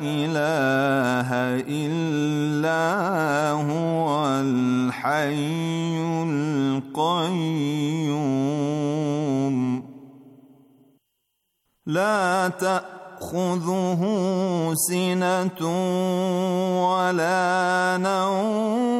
إله إلا هو الحي القيوم لا تأخذه سنة ولا نوم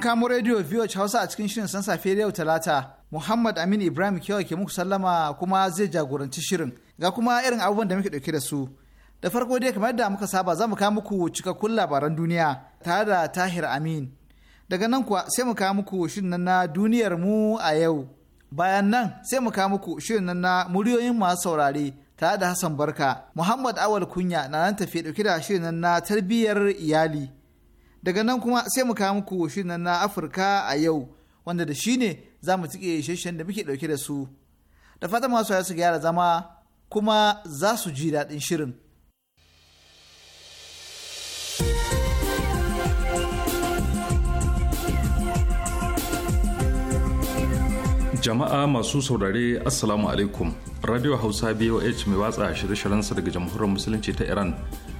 kamo rediyo VOH Hausa a cikin shirin san safe yau Talata. Muhammad Amin Ibrahim kewa ke muku sallama kuma zai jagoranci shirin. Ga kuma irin abubuwan da muke dauke da su. Da farko dai kamar da muka saba za mu kawo muku cikakkun labaran duniya tare da Tahir Amin. Daga nan kuwa sai mu kawo muku shirin na duniyar mu a yau. Bayan nan sai mu kawo muku shirin na muryoyin masu saurare tare da Hassan Barka. Muhammad Awal Kunya na nan tafiye dauke da shirin na tarbiyyar iyali. daga nan kuma sai mu kawo muku shi na afirka a yau wanda da shi ne za mu tike shashen da muke dauke da su da fata masu su gyara zama kuma za su ji daɗin shirin jama'a masu saurare assalamu alaikum radio hausa boh mai watsa shirye-shiryensa daga jamhuriyar musulunci ta iran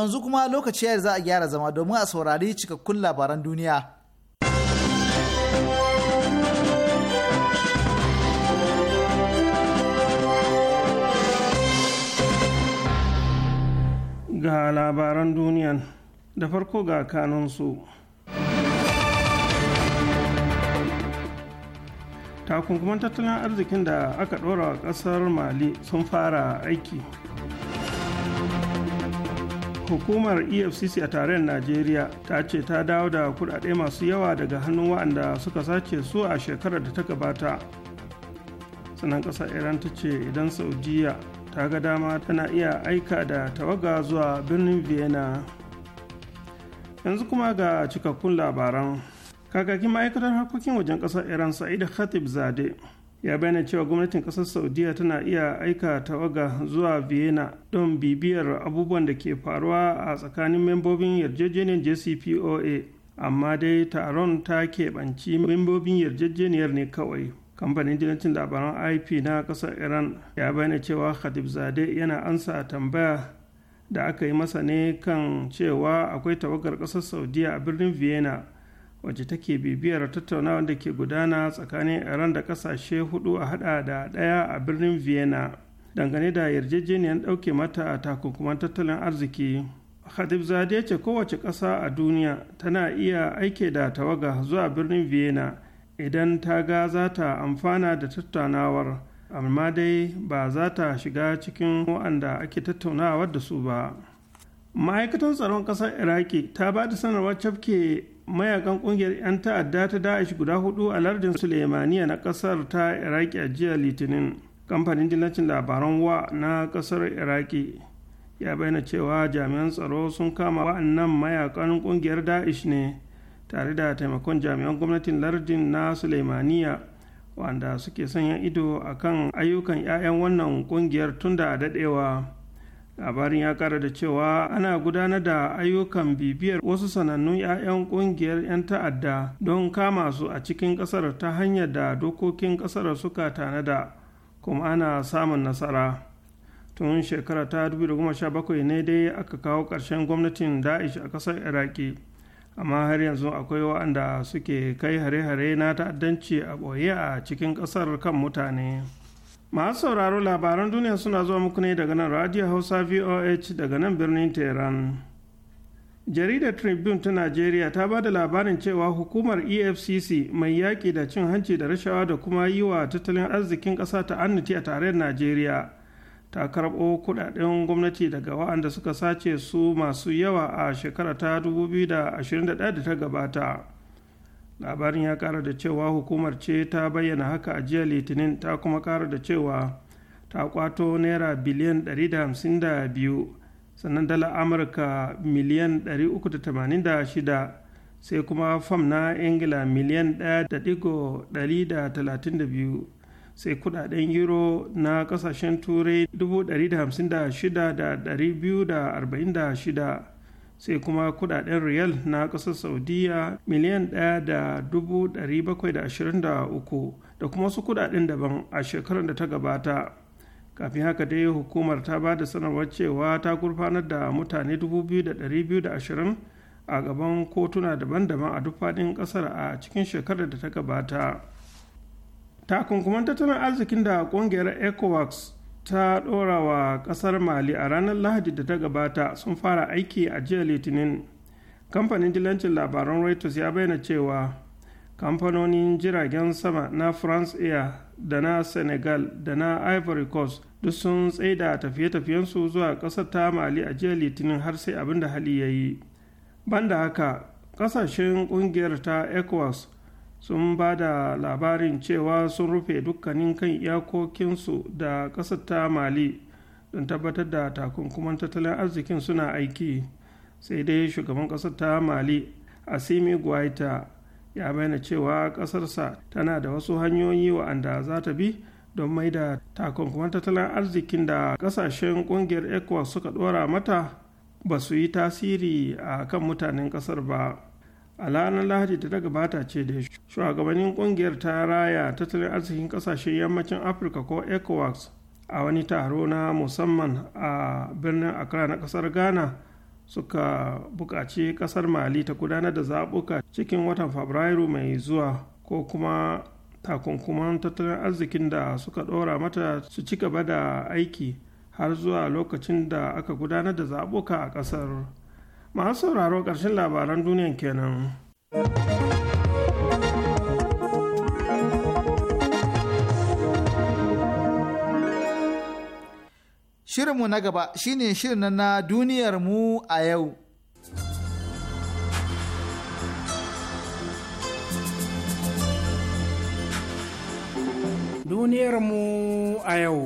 yanzu kuma lokaci ya za a gyara zama domin a saurari cikakkun labaran duniya. Ga labaran duniyan da farko ga kanunsu. takunkuman tattalin arzikin da aka ɗora a ƙasar mali sun fara aiki hukumar efcc a tarayyar najeriya ta ce ta dawo da kudade masu yawa daga hannun waɗanda suka sace su a shekarar da ta gabata sannan ƙasar iran ta ce idan saudiya ta ga dama tana iya aika da tawaga zuwa birnin vienna yanzu kuma ga cikakkun labaran kakakin ma'aikatar harkokin wajen ƙasar iran sa'id khatib zade ya bayyana cewa gwamnatin kasar saudiya tana iya aika tawaga zuwa vienna don bibiyar abubuwan da ke faruwa a tsakanin membobin yarjejeniyar jcpoa amma dai taron ta keɓanci membobin yarjejeniyar ne kawai kamfanin jinancin labaran ip na kasar iran ya bayyana cewa khadib zade yana ansa tambaya da aka yi masa ne kan cewa akwai tawagar kasar saudiya a birnin vienna wacce take bibiyar tattaunawar da ke gudana tsakanin iran da kasashe hudu a hada da daya a birnin vienna dangane da yarjejeniyar dauke mata a takunkuman tattalin arziki khadib zade ce kowace ƙasa a duniya tana iya aike da tawaga zuwa birnin vienna idan ta ga za ta amfana da tattaunawar amma dai ba za ta shiga cikin waɗanda ake tattaunawa da su ba ma'aikatan tsaron ƙasar iraki ta ba da sanarwar cafke mayakan kungiyar 'yan ta'adda ta da'ish guda hudu a lardin sulaimaniya na kasar ta iraki a jiya litinin kamfanin jinnacin labaran wa na kasar iraki ya bayyana cewa jami'an tsaro sun kama wa'annan mayakan kungiyar da'ish ne tare da taimakon jami'an gwamnatin lardin na sulaimaniya wanda suke sanya ido akan ayyukan 'ya'yan wannan kungiyar tun da daɗewa labarin ya kara da cewa ana gudanar da ayyukan bibiyar wasu sanannun 'ya'yan kungiyar 'yan ta'adda don kama su a cikin kasar ta hanyar da dokokin kasar suka tanada kuma ana samun nasara tun shekara ta 2017 ne dai aka kawo ƙarshen gwamnatin da'ish a ƙasar iraki amma har yanzu akwai waɗanda suke kai hare-hare na ta'addanci a ɓoye a cikin ƙasar kan mutane. masu sauraro labaran duniya suna zuwa muku ne daga nan radio hausa voh daga nan birnin tehran jaridar tribune ta najeriya ta ba da labarin cewa hukumar efcc mai yaƙi da cin hanci da rashawa da kuma yi wa tattalin arzikin ƙasa ta annuti a tarayyar najeriya ta karɓo kudaden gwamnati daga waɗanda suka sace su masu yawa a shekara ta 2021 da ta gabata labarin ya kara da cewa hukumar ce ta bayyana haka a jiya litinin ta kuma kara da cewa ta kwato naira biliyan 152 sannan dala amurka miliyan 386 sai kuma fam na ingila miliyan 1.132 sai kudaden euro na kasashen turai 156,246 sai kuma kudaden riyal na kasar saudiya miliyan 1,723 da kuma wasu kudaden daban a shekarar da ta gabata kafin haka dai hukumar ta ba da sanarwar cewa ta gurfanar da mutane 2,220 a gaban kotuna daban-daban a duk faɗin ƙasar a cikin shekarar da ta gabata takunkuman tattalin arzikin da ƙungiyar ecowas ta ɗora wa ƙasar mali a ranar lahadi da ta gabata sun fara aiki a jiya litinin kamfanin dilancin labaran reuters ya bayyana cewa kamfanonin jiragen sama na france air da na senegal da na ivory coast duk sun tsaida tafiye-tafiyensu zuwa ƙasar ta mali a jiya litinin har sai abin da hali ya yi banda haka ƙasashen ƙungiyar ta ecowas sun ba da labarin cewa sun rufe dukkanin kan iyakokinsu da ƙasar ta mali don tabbatar da takunkuman tattalin arzikin suna aiki sai dai shugaban ƙasar ta mali asimi guaita ya bayyana cewa ƙasarsa tana da wasu hanyoyi wa'anda za ta bi don mai da takunkuman tattalin arzikin da ƙasashen ƙungiyar ecowas suka ɗora mata ba su yi tasiri a kan mutanen ƙasar ba. a ranar lahadi ta gabata ce da shugabannin kungiyar ta raya tattalin arzikin kasashen yammacin afirka ko ecowas a wani taro na musamman a birnin accra na kasar ghana suka buƙaci kasar mali ta gudanar da zaɓuka cikin watan fabrairu mai zuwa ko kuma takunkuman tattalin arzikin da suka ɗora mata su ci gaba da aiki har zuwa lokacin da aka gudanar da zaɓuka a ƙasar. masu sauraro ƙarshen labaran duniyan kenan. Shirinmu na gaba shine shirin na duniyar mu a yau. Duniyar mu a yau.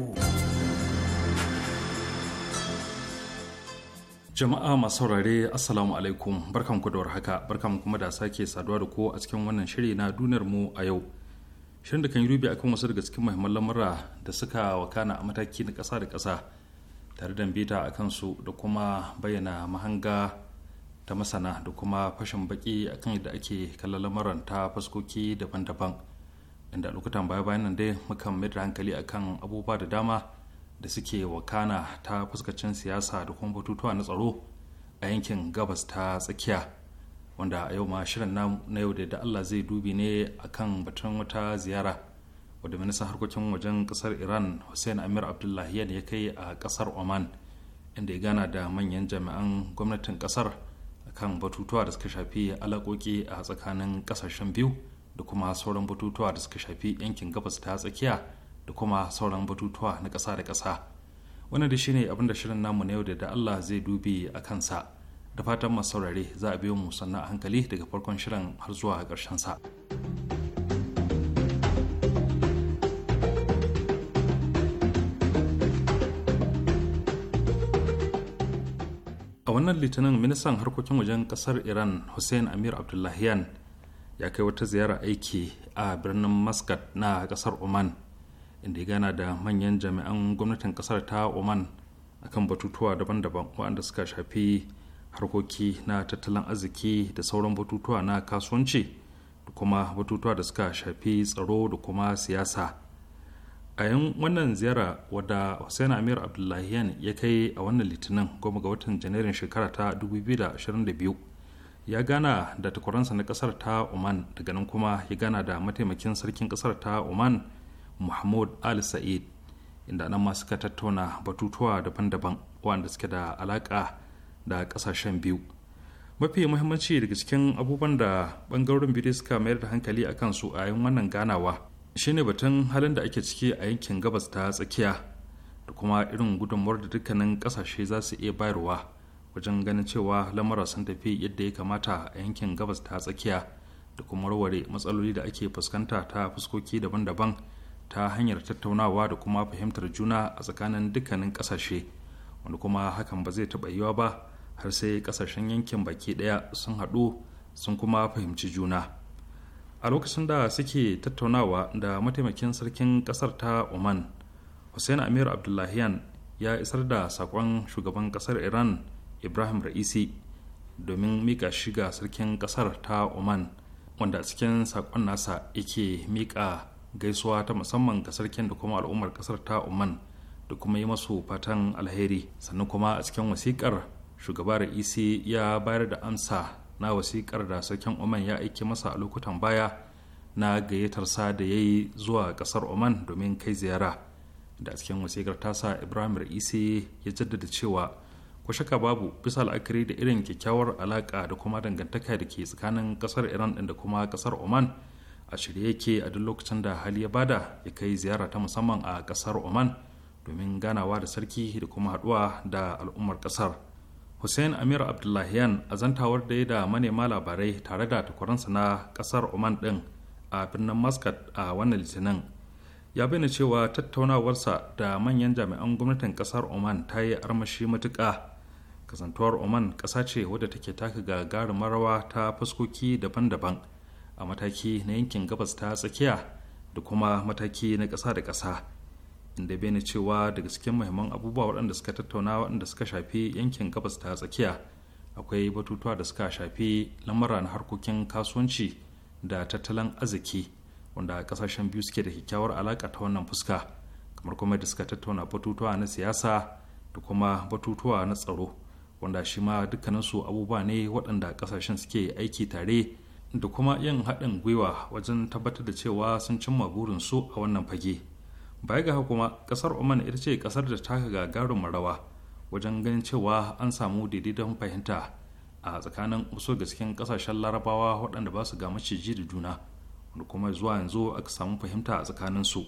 Jama'a masu saurare Assalamu alaikum barkanku da warhaka barkanku kuma da sake saduwa da ku a cikin wannan shiri na duniyar mu a yau. Shirin da kan yi rubi akan wasu daga cikin muhimman lamura da suka wakana a mataki na kasa da kasa tare da bita a kansu da kuma bayyana mahanga ta masana da kuma fashin baki a kan yadda ake kallon lamuran ta faskoki daban-daban. Inda lokutan baya-bayan nan dai mukan mai da hankali akan abubuwa da dama da suke wakana ta fuskacin siyasa da kuma batutuwa na tsaro a yankin gabas ta tsakiya wanda a yau ma shirin na yau da Allah zai dubi ne akan batun wata ziyara wadda ministan harkokin wajen kasar iran hussein amir abdullahi ya kai a kasar oman inda ya gana da manyan jami'an gwamnatin kasar kan batutuwa da suka shafi alaƙoƙi a tsakanin ƙasashen biyu da kuma sauran batutuwa da suka shafi yankin gabas ta tsakiya da kuma sauran batutuwa na ƙasa da ƙasa wannan da shine abin da shirin namu na yau da da Allah zai dubi a kansa da fatan masu saurare za a biyo mu sannan a hankali daga farkon shirin har zuwa ƙarshen sa. a wannan litinin ministan harkokin wajen kasar iran hussein amir abdullahian ya kai wata ziyara aiki a birnin muscat na kasar oman inda ya gana da manyan jami'an gwamnatin kasar ta oman akan batutuwa daban-daban waɗanda suka shafi harkoki na tattalin arziki da sauran batutuwa na kasuwanci da kuma batutuwa da suka shafi tsaro da kuma siyasa a yan wannan ziyara wadda hussein amir abdullahiyan ya kai a wannan litinin goma ga watan janairun shekara ta 2022 ya gana da takwaransa na kasar ta oman daga nan kuma ya gana da mataimakin sarkin kasar ta oman mahmud al sa'id inda nan ma suka tattauna batutuwa daban-daban wanda suke da alaka da kasashen biyu mafi muhimmanci daga cikin abubuwan da bangarorin biyu suka mayar da hankali a su a yin wannan ganawa shine batun halin da ake ciki a yankin gabas ta tsakiya da kuma irin gudunmuwar da dukkanin kasashe za su iya bayarwa wajen ganin cewa lamura sun tafi yadda ya kamata a yankin gabas ta tsakiya da kuma warware matsaloli da ake fuskanta ta fuskoki daban-daban ta hanyar tattaunawa da kuma fahimtar juna a tsakanin dukkanin kasashe wanda kuma hakan ba zai taɓa yiwa ba har sai kasashen yankin baki ɗaya sun haɗu sun kuma fahimci juna a lokacin da suke tattaunawa da mataimakin sarkin ƙasar ta oman hussein amir abdullahian ya isar da saƙon shugaban ƙasar iran ibrahim ra'isi domin mika shiga sarkin ƙasar ta oman wanda cikin saƙon nasa yake mika gaisuwa ta musamman ga sarkin da kuma al'ummar kasar ta oman da kuma yi masu fatan alheri sannan kuma a cikin wasikar shugaba isi ya bayar da amsa na wasiƙar da sarkin oman ya aike masa a lokutan baya na gayyatar sa da ya yi zuwa ƙasar oman domin kai ziyara da a cikin wasikar tasa ibrahim isi ya jaddada cewa ko shaka babu bisa la'akari da irin kyakkyawar alaƙa da kuma dangantaka da ke tsakanin ƙasar iran da kuma ƙasar oman a shirye yake a duk lokacin da hali ya bada ya kai ziyara ta musamman a kasar oman domin ganawa da sarki da kuma haduwa da al'ummar kasar hussein amir abdullahiyan a zantawar da ya da manema labarai tare da takwaransa na kasar oman din a birnin muscat a wannan litinin ya bayyana cewa tattaunawarsa da manyan jami'an gwamnatin kasar oman ta yi armashi matuka kasantuwar oman ƙasa ce wadda take taka gagarumin rawa ta fuskoki daban-daban a mataki na yankin gabas ta tsakiya da kuma mataki na ƙasa da ƙasa inda bai cewa daga cikin muhimman abubuwa waɗanda suka tattauna waɗanda suka shafi yankin gabas ta tsakiya akwai batutuwa da suka shafi lamura na harkokin kasuwanci da tattalin arziki wanda ƙasashen biyu suke da kyakkyawar alaƙa ta wannan fuska kamar kuma da suka tattauna batutuwa na siyasa da kuma batutuwa na tsaro wanda shi ma dukkaninsu abubuwa ne waɗanda ƙasashen suke aiki tare da kuma yin haɗin gwiwa wajen tabbatar da cewa sun cimma burinsu a wannan fage baya ga kuma ƙasar oman ita ce ƙasar da taka gagarin rawa wajen ganin cewa an samu daidaiton fahimta a tsakanin wasu da cikin ƙasashen larabawa waɗanda ba su ga maciji da juna wanda kuma zuwa yanzu aka samu fahimta a tsakaninsu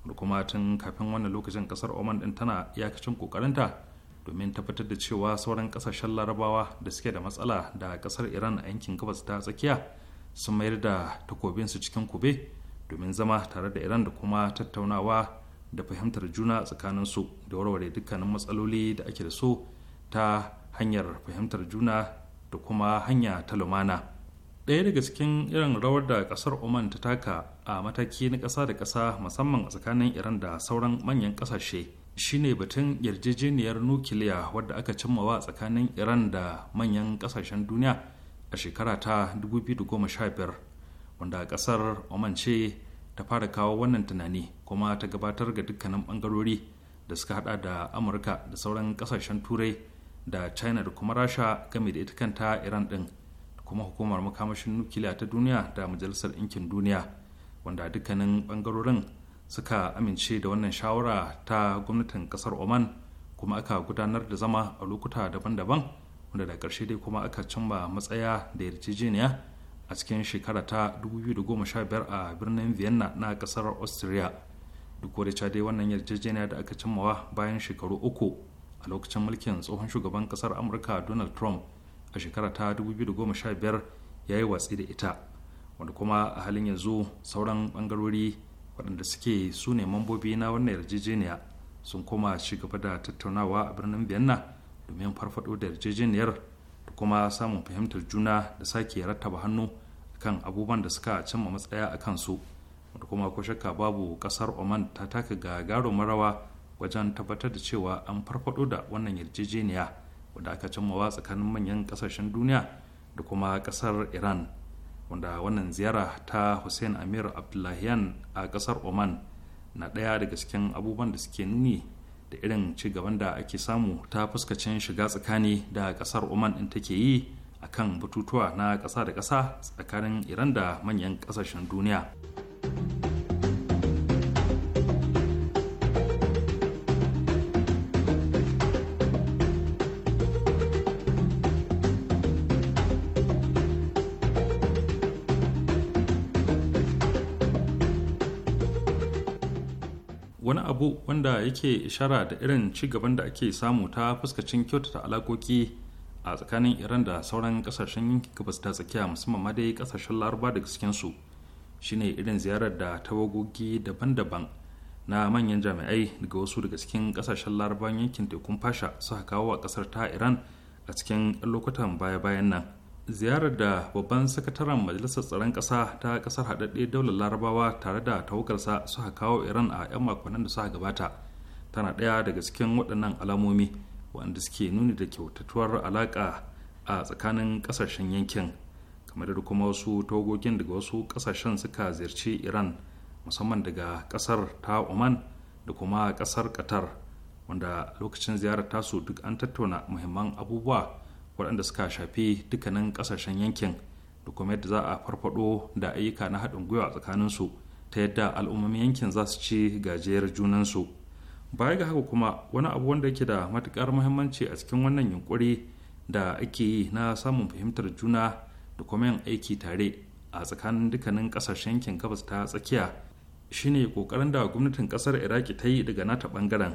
wanda kuma tun kafin wannan lokacin ƙasar oman ɗin tana iyakacin ƙoƙarinta domin tabbatar da cewa sauran kasashen larabawa da suke da matsala da kasar iran a yankin gabas ta tsakiya sun mayar da takobinsu cikin kube domin zama tare da iran da kuma tattaunawa da fahimtar juna tsakanin su da warware dukkanin matsaloli da ake da su ta hanyar fahimtar juna da kuma hanya ta lumana ɗaya daga cikin irin rawar da ƙasar oman ta taka a mataki na ƙasa da ƙasa musamman a tsakanin iran da sauran manyan ƙasashe shine batun yarjejeniyar nukiliya wadda aka wa tsakanin iran da manyan kasashen duniya a shekara ta 2015 wanda kasar oman ce ta fara kawo wannan tunani kuma ta gabatar ga dukkanin bangarori da suka hada da amurka da sauran kasashen turai da china da kuma rasha game da ita kanta iran din da kuma hukumar makamashin nukiliya ta duniya da majalisar ɗinkin duniya wanda dukkanin bangarorin suka amince da wannan shawara ta gwamnatin kasar oman kuma aka gudanar da zama a lokuta daban-daban wanda da ƙarshe dai kuma aka cimma matsaya da yarjejeniya a cikin shekara ta 2015 a birnin vienna na kasar austria duk da dai wannan yarjejeniya da aka cimmawa bayan shekaru uku a lokacin mulkin tsohon shugaban kasar amurka donald trump a shekara ta 2015 ya yi watsi da ita wanda kuma a halin yanzu sauran bangarori waɗanda suke su ne mambobi na wannan yarjejeniya sun koma ci gaba da tattaunawa a birnin vienna domin farfado da yarjejeniyar da kuma samun fahimtar juna da sake rattaba hannu kan abubuwan da suka cimma matsaya a kansu da kuma ko shakka babu kasar oman ta taka ga garo marawa wajen tabbatar da cewa an farfado da wannan yarjejeniya wanda aka cimmawa tsakanin manyan kasashen duniya da kuma kasar iran wanda wannan ziyara ta hussein amir abdullahian a kasar oman na ɗaya daga cikin abubuwan da suke nuni da irin ci gaban da ake samu ta fuskacin shiga tsakani da kasar oman ɗin take yi a kan batutuwa na ƙasa da ƙasa tsakanin iran da manyan ƙasashen duniya. abu wanda yake ishara da irin ci gaban da ake samu ta fuskacin kyautata alakoki a tsakanin iran da sauran kasashen yankin gabas ta tsakiya musamman ma dai kasashen laraba da cikinsu shine irin ziyarar da tawagogi daban-daban na manyan jami'ai daga wasu daga cikin kasashen laraban yankin tekun fasha suka kawo a kasar ta iran a cikin lokutan baya-bayan nan ziyarar da babban sakataren majalisar tsaron ƙasa ta ƙasar haɗaɗɗe daular larabawa tare da tawagarsa suka kawo iran a 'yan makonnin da suka gabata tana ɗaya daga cikin waɗannan alamomi wanda suke nuni da kyautatuwar alaƙa a tsakanin ƙasashen yankin kamar da kuma wasu togogin daga wasu ƙasashen suka ziyarci iran musamman daga ƙasar ta oman da kuma ƙasar qatar wanda lokacin ziyarar tasu duk an tattauna muhimman abubuwa waɗanda suka shafi dukkanin ƙasashen yankin da kuma yadda za a farfado da ayyuka na haɗin gwiwa a tsakanin su ta yadda al'ummomin yankin za su ci gajiyar junansu baya ga haka kuma wani abu wanda yake da matukar muhimmanci a cikin wannan yunkuri da ake yi na samun fahimtar juna da kuma yin aiki tare a tsakanin dukkanin ƙasashen yankin gabas ta tsakiya shine kokarin da gwamnatin ƙasar iraki ta yi daga nata bangaren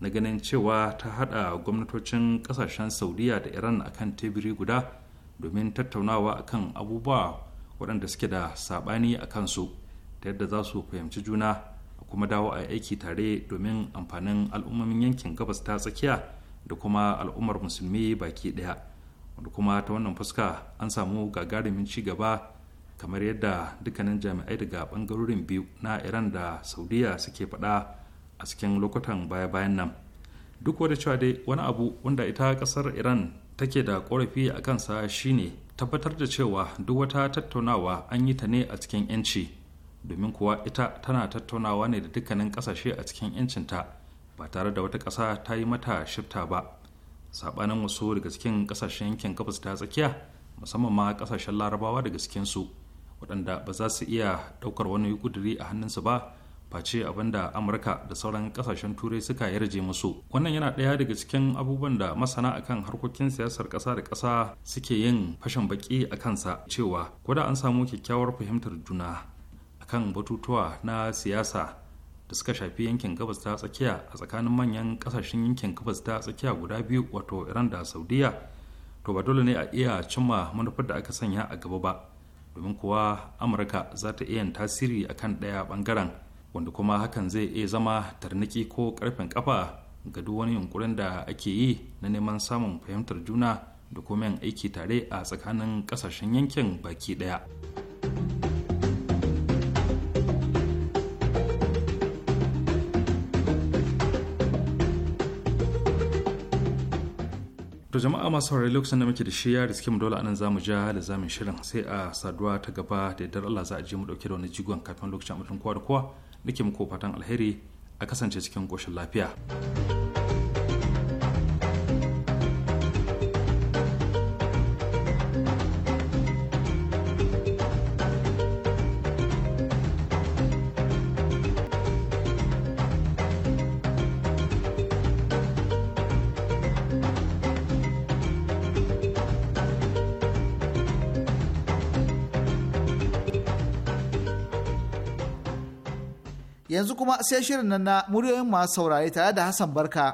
na ganin cewa ta hada gwamnatocin kasashen saudiya da iran a kan tebiri guda domin tattaunawa akan abubuwa waɗanda suke da saɓani a kansu ta yadda za su fahimci juna a kuma dawo a aiki tare domin amfanin al'ummomin yankin gabas ta tsakiya da kuma al'ummar musulmi baki ɗaya wanda kuma ta wannan fuska an samu gagarumin ci gaba kamar yadda dukkanin jami'ai daga ɓangarorin biyu na iran da saudiya suke faɗa a cikin lokutan baya-bayan nan duk wadda cewa dai wani abu wanda ita kasar iran take da korafi a kansa shine tabbatar da cewa duk wata tattaunawa an yi ta ne a cikin 'yanci domin kuwa ita tana tattaunawa ne da dukkanin kasashe a cikin 'yancinta ba tare da wata kasa ta yi mata shifta ba saɓanin wasu daga cikin ƙasashen yankin gabas ta tsakiya musamman ma ƙasashen larabawa daga cikin su waɗanda ba za su iya ɗaukar wani ƙuduri a hannunsu ba face abin da amurka da sauran kasashen turai suka yarje musu wannan yana ɗaya daga cikin abubuwan da masana akan harkokin siyasar ƙasa da ƙasa suke yin fashin baki a kansa cewa ko da an samu kyakkyawar fahimtar juna akan batutuwa na siyasa da suka shafi yankin gabas ta tsakiya a tsakanin manyan kasashen yankin gabas ta tsakiya guda biyu wato iran da saudiya to ba dole ne a iya cimma manufar da aka sanya a gaba ba domin kuwa amurka za ta iya tasiri akan ɗaya ɓangaren wanda kuma hakan zai iya zama tarniki ko karfin kafa ga duk wani yunkurin da ake yi na neman samun fahimtar juna da kuma yin aiki tare a tsakanin kasashen yankin baki daya. To jama'a masu saurari lokacin da muke da shi ya riske mu dole anan zamu ja da zamin shirin sai a saduwa ta gaba da yardar Allah za a je mu dauke da wani jigon kafin lokacin mutum kowa da kowa nake muku fatan alheri a kasance cikin koshin lafiya. yanzu kuma sai shirin nan na muryoyin masu saurare tare da Hassan Barka.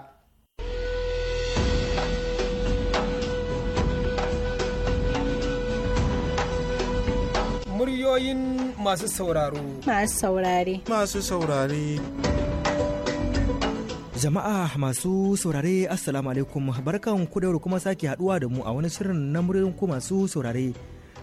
Muryoyin masu sauraro. Masu saurare. Masu saurare. Jama'a masu saurare Assalamu alaikum barkan ku da kuma sake haduwa da mu a wani shirin na muryoyin ku masu saurare.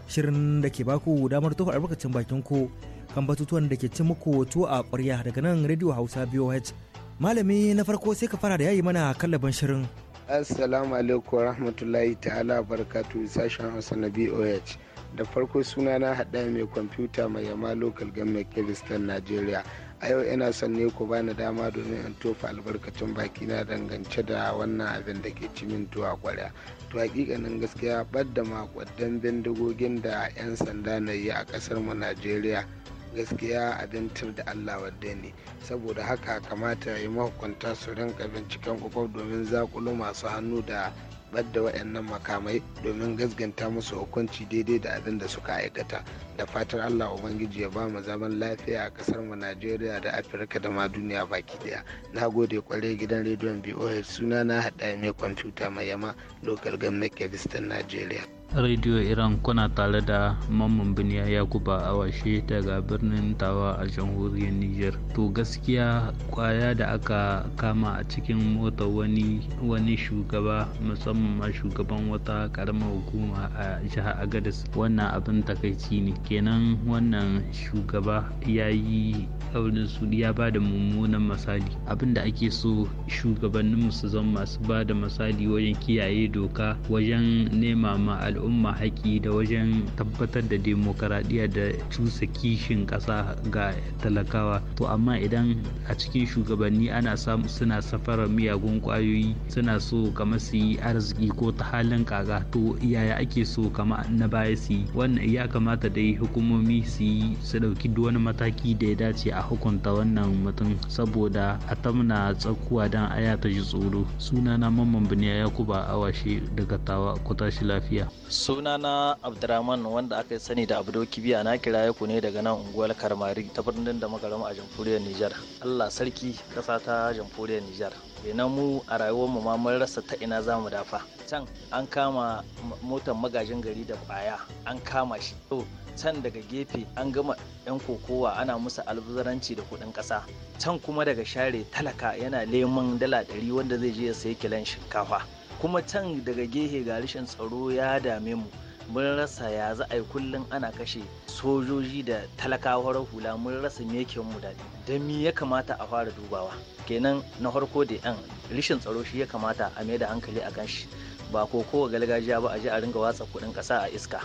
Shirin da ke baku damar tofa albarkacin bakin ku kan batutuwan da ke ci muku wato a ƙwarya daga nan Radio Hausa BOH. Malami na farko sai ka fara da yayi mana kallaban shirin. Assalamu alaikum rahmatullahi ta'ala barkatu sashen Hausa na BOH. Da farko suna na haɗa mai kwamfuta mai yama local government Kebistan Najeriya. a yau ina son ne ku bani dama domin in tofa albarkacin baki na dangance da wannan abin da ke cimin tuwa kwarya to hakikanin gaskiya ɓadda makwaddan bindigogin da 'yan sanda na yi a ƙasar mu najeriya gaskiya abin da allah wadda ne saboda haka kamata ya yi mahukunta su rinka binciken kwakwaf domin zakulo masu hannu da badda waɗannan makamai domin gasganta musu hukunci daidai da abin da suka aikata da fatar allah ubangiji ya ba mu zaman lafiya a ƙasar mu najeriya da afirka da ma duniya baki daya na gode kwarai gidan rediyon boh suna na haɗa mai kwamfuta mai yama lokal gwamnati kebistan najeriya Radio Iran kuna tare da Mamman Biniya Yakuba Awashe daga birnin Tawa a jamhuriyar Nijar. To gaskiya kwaya da aka kama a cikin mota wani wani shugaba musamman ma shugaban wata karamar hukuma a jihar Agadez wannan abin takaici ne kenan wannan shugaba ya yi ƙaunin su ya ba da mummunan misali abin da ake so shugabanninmu su zama masu ba da misali wajen kiyaye doka wajen nema ma al'umma al'umma haƙi da wajen tabbatar da demokaradiyya da cusa kishin ƙasa ga talakawa to amma idan a cikin shugabanni ana samu suna safarar miyagun ƙwayoyi suna so kamar su yi arziki ko ta halin kaga to yaya ake so kama na baya su yi wannan ya kamata dai hukumomi su yi su ɗauki duk wani mataki da ya dace a hukunta wannan mutum saboda a tamna tsakuwa don aya ta ji tsoro sunana mamman biniya yakuba awashe daga tawa ku tashi lafiya sunana abdurrahman wanda aka sani da abdo kibiya na kira ku ne daga nan unguwar karmari ta birnin da magarama a jamhuriyar nijar allah sarki kasa ta jamhuriyar nijar na mu a rayuwar mu ma mun rasa ta ina za mu dafa can an kama motar magajin gari da baya an kama shi to can daga gefe an gama yan kokowa ana musu albuzaranci da kuɗin ƙasa can kuma daga share talaka yana neman dala ɗari wanda zai je ya sayi kilan shinkafa kuma can daga gehe ga rashin tsaro ya dame mu mun rasa ya za a yi kullum ana kashe sojoji da talakawar hula mun rasa me yake mu daɗi da mi ya kamata a fara dubawa kenan na farko da yan rishin tsaro shi ya kamata a mai da hankali a kan shi ba ko kowa galgajiya ba a je a ringa watsa kuɗin ƙasa a iska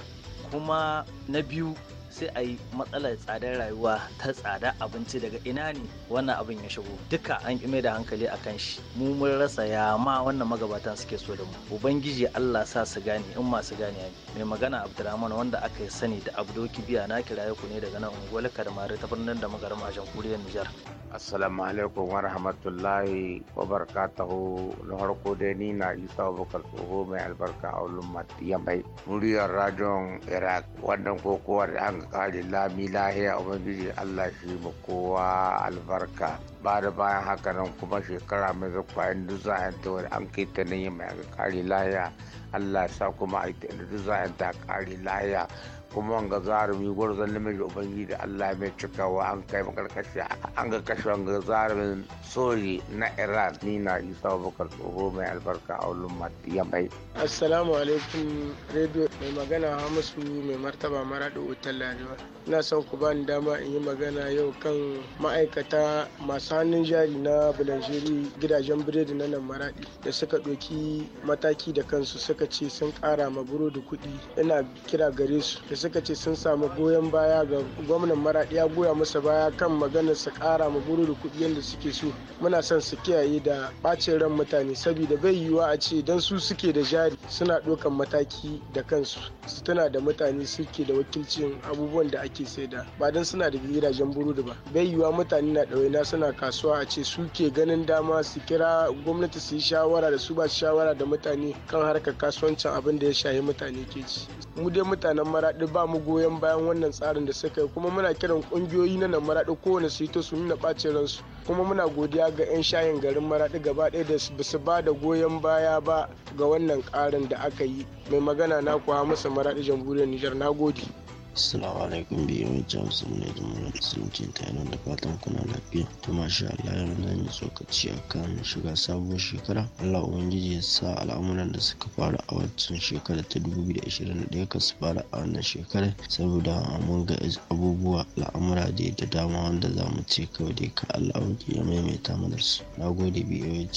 kuma na biyu sai a yi matsalar tsadar rayuwa ta tsada abinci daga ina ne wannan abin ya shigo duka an ki mai da hankali a kan shi mu mun rasa ya ma wannan magabatan suke so da mu ubangiji Allah sa su gane in masu gane ne mai magana Abdulrahman wanda aka yi sani da Abdoki Biya na kiraye ku ne daga nan unguwar Kadamare ta birnin da magarama a jamhuriyar Nijar. assalamu alaikum wa rahmatullahi wa barakatuhu na harko dai ni na isa bukar tsoho mai albarka a ulun matiya mai muryar rajon iraq wannan kokowa da an kare lami lahiya ubangiji allah shi mu kowa albarka ba da bayan haka nan kuma shekara mai zuwa in duk za ta wani an kai ta nan mai lahiya allah sa kuma a yi ta yanta kare lahiya kuma wanga zarumi gwarzon namiji ubangiji allah mai cikawa an kai makarkashi an ga kashe wanga zarumin soji na iran ni na isa bakar tsoho mai albarka a wulin matiya mai assalamu alaikum radio mai magana hamisu mai martaba maraɗi wutar larewa ina son ku bani dama in yi magana yau kan ma'aikata masu hannun jari na bulanjeri gidajen biredi na nan maraɗi da suka ɗauki mataki da kansu suka ce sun ƙara ma burodi kuɗi ina kira gare su suka ce sun sami goyon baya ga gwamnan maraɗi ya goya masa baya kan maganar su ƙara ma guru da kuɗi yadda suke so muna son su kiyaye da ɓacin ran mutane saboda bai yiwuwa a ce dan su suke da jari suna ɗaukan mataki da kansu su tana da mutane suke da wakilcin abubuwan da ake saida ba don suna da gidajen burodi ba bai yiwuwa mutane na ɗawaina suna kasuwa a ce suke ganin dama su kira gwamnati su yi shawara da su ba shawara da mutane kan harkar kasuwancin abin da ya shahi mutane ke ci mu dai mutanen maraɗi ba mu goyon bayan wannan tsarin da suka yi kuma muna kiran kungiyoyi na nan maraɗi kowane su yi ta su nuna ɓacin ransu kuma muna godiya ga 'yan shayin garin maraɗi gaba ɗaya da su ba da goyon baya ba ga wannan ƙarin da aka yi mai magana na kuwa masa maraɗi jamhuriyar nijar na gode. Assalamu alaikum biyu mai jamus ne da murar ta yana da fatan kuna lafiya. ta masha Allah yau zan yi tsokaci kan shiga sabuwar shekara. Allah Ubangiji ya sa al'amuran da suka fara a wancan shekara ta 2021 ka su fara a wannan shekarar saboda mun ga abubuwa al'amura da da dama wanda za mu ce kawai dai ka Allah ya maimaita mana su. Na gode biyu mai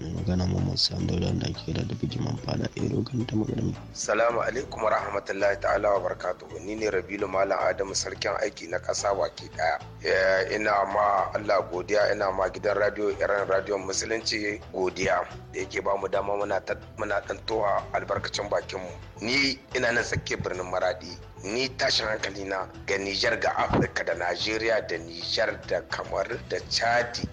mai magana Muhammad Sani Dauda da ake da bikin amfana a kan ta magana. Salamu alaikum wa rahmatullahi ta'ala wa barakatuhu ni ne Rabilu Malam Adamu sarkin aiki na ƙasa waki ɗaya. Eh, ina ma Allah godiya ina ma gidan radio Iran Radio Musulunci godiya da yake ba mu dama muna ɗantowa albarkacin bakin mu. Ni ina nan sake birnin Maradi ni tashin hankali na ga Nijar ga Afirka da Najeriya da Nijar da Kamar da Chadi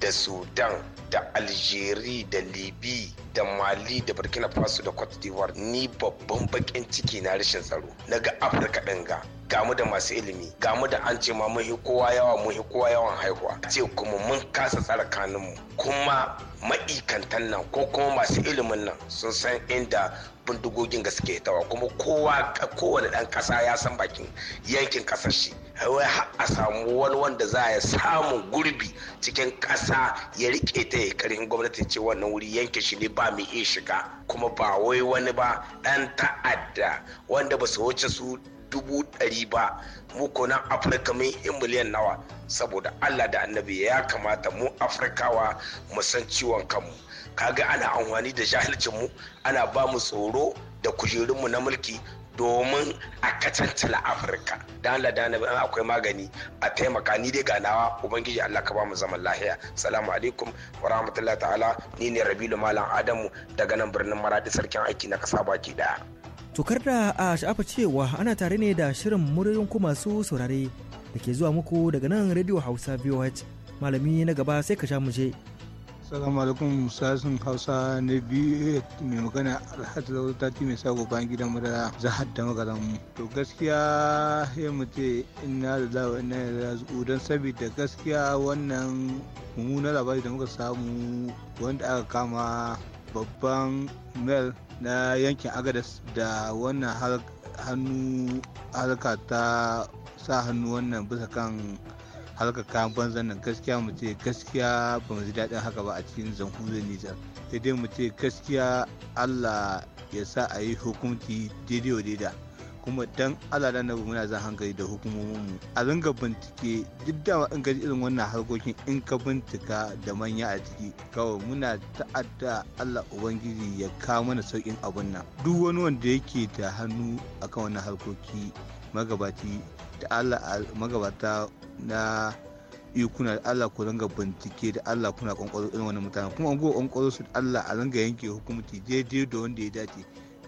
da sudan da Aljeri, da libi da mali da burkina faso da cote d'ivoire ni babban bakin ciki na rashin tsaro na ga afirka ɗin ga gamu da masu ilimi gamu da an ce ma mun kowa yawa mun kowa yawan haihuwa ce kuma mun kasa tsara kanunmu kuma ma'ikantan nan ko kuma masu ilimin nan sun san inda bindigogin da suke tawa kuma kowa kowane dan kasa ya san bakin yankin kasar shi a samu wani wanda za ya samu gurbi cikin kasa ya rike ta ya karin gwamnati ce wannan wuri yankin shi ne ba mai iya shiga kuma ba wai wani ba dan ta'adda wanda ba su wuce su dubu ɗari ba mu konan afirka mun yi miliyan nawa saboda allah da annabi ya kamata mu afirkawa mu san ciwon kanmu kaga ana amfani da jahilcin mu ana ba mu tsoro da kujerunmu na mulki domin a la afirka dan Allah dan akwai magani a taimaka ni dai ga nawa ubangiji Allah ka ba mu zaman lahiya salamu alaikum wa rahmatullahi ta'ala ni ne rabilu malam adamu daga nan birnin maradi sarkin aiki na kasa baki daya tokar da a sha'afa cewa ana tare ne da shirin muryoyin ku masu saurare da ke zuwa muku daga nan radio hausa voh malami na gaba sai ka sha mu je Salamu alaikum sasin Hausa na biyu mai magana Alhaji Lauru mai sako bayan gidan mu da zahar da mu To gaskiya ya mutu ina da zawo ina da zuku don saboda gaskiya wannan mummunan labari da muka samu wanda aka kama babban mel na yankin agadas da wannan hannu harka ta sa hannu wannan bisa kan harka kayan banzan nan gaskiya mu ce gaskiya ba mu ji daɗin haka ba a cikin zanhuriyar nijar daidai dai mu ce gaskiya allah ya sa a yi hukunci daidai wa daida kuma dan allah da muna zan hankali da mu. a ringa bincike duk da in gaji irin wannan harkokin in ka bincika da manya a ciki kawai muna ta'adda allah ubangiji ya kawo mana saukin abun nan duk wani wanda yake da hannu akan wannan harkoki da magabata na ikuna da Allah ku ranga bincike da Allah kuna kwankwaro irin wani mutane kuma an go kwankwaro su da Allah a ranga yanke hukumci daidai da wanda ya dace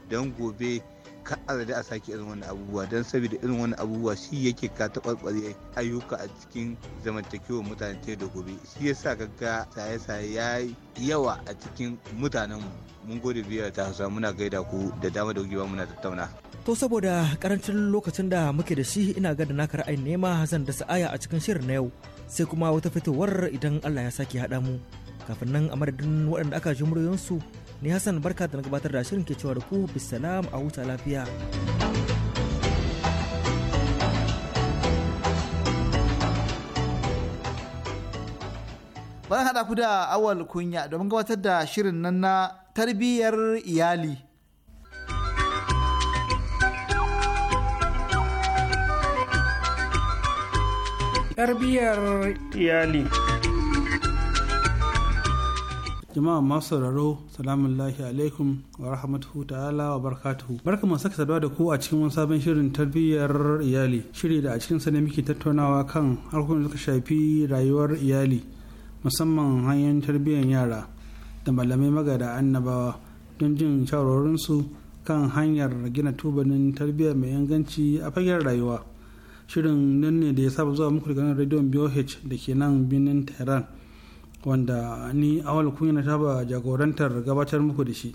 don gobe Kan arda a sake irin wani abubuwa don saboda irin wani abubuwa shi yake ka taɓarɓare ayyuka a cikin zamantakewar mutane ta da gobe shi sa gagga saye-saye ya yawa a cikin mutanenmu mun gode biyar ta hausa muna gaida ku da dama da gugewa muna tattauna to saboda karancin lokacin da muke da shi ina ga da naka ra'ayin nema zan da sa'aya a cikin shirin na yau sai kuma wata fitowar idan Allah ya sake haɗa mu kafin nan a madadin waɗanda aka ji muryoyinsu ni hassan barka da na gabatar da shirin ke cewa da ku bisalam a huta lafiya bari haɗa ku da awal kunya domin gabatar da shirin nan na tarbiyyar iyali tarbiyyar iyali jama'a masu sauraro salamun lahi alaikum wa rahmatu ta'ala wa barkatuhu barka mu saka saduwa da ku a cikin wani sabon shirin tarbiyyar iyali shiri da a cikin sa ne muke tattaunawa kan harkokin suka shafi rayuwar iyali musamman hanyar tarbiyyar yara da malamai magada annabawa don jin su kan hanyar gina tubanin tarbiyya mai inganci a fagen rayuwa shirin nan ne da ya saba zuwa muku daga nan rediyon BOH da ke nan birnin Tehran wanda ni awal kunya ta ba jagorantar gabatar muku da shi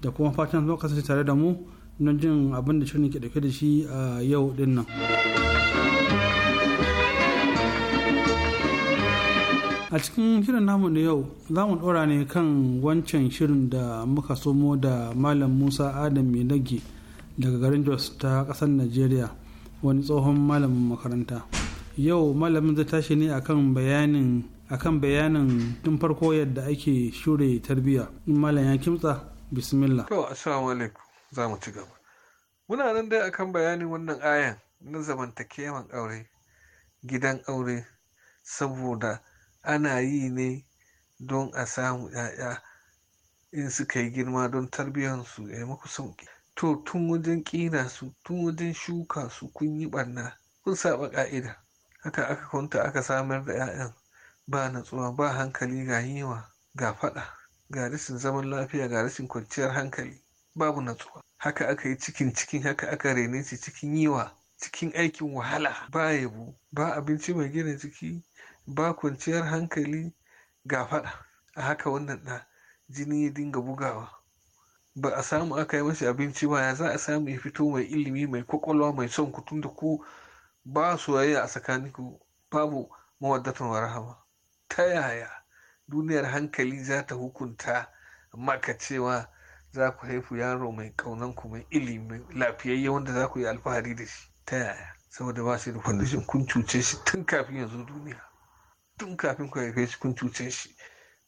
da kuma fatan zo kasance tare da mu don jin abin da shirin ke dauke da shi a yau dinnan. a cikin shirin namu na yau za mu dora ne kan wancan shirin da muka somo da malam musa adam mai nage daga garin jos ta kasar nigeria wani tsohon malamin makaranta yau malamin zai tashi ne akan bayanin akan bayanin tun farko yadda ake shure tarbiyya in malam ya kimtsa bismillah to assalamu alaikum za mu ci gaba muna nan dai akan bayanin wannan ayan na zamantakewan aure gidan aure saboda ana yi ne don a samu 'ya'ya in suka yi girma don tarbiyyarsu ya yi muku sauki to tun wajen kina su tun wajen shuka su kun yi barna kun saba ƙa'ida haka aka kwanta aka samar da 'ya'yan ba natsuwa ba hankali ga yiwa ga faɗa ga rashin zaman lafiya ga rashin kwanciyar hankali babu natsuwa haka aka yi cikin cikin haka aka rene shi cikin yiwa cikin aikin wahala ba yabo ba abinci mai gina jiki ba kwanciyar hankali ga faɗa a haka wannan da jini ya dinga bugawa ba a samu aka yi mashi abinci ba ya za a samu ya fito mai ilimi mai kwakwalwa mai son ku da ku ba soyayya a tsakaninku babu mawaddatan rahama ta yaya duniyar hankali za ta hukunta maka cewa za ku haifu yaro mai ƙaunanku mai ilimi lafiyayye wanda za ku yi alfahari da shi ta yaya saboda ba shi da kwandishin kun cuce shi tun kafin ya zo duniya tun kafin ku haife shi kun cuce shi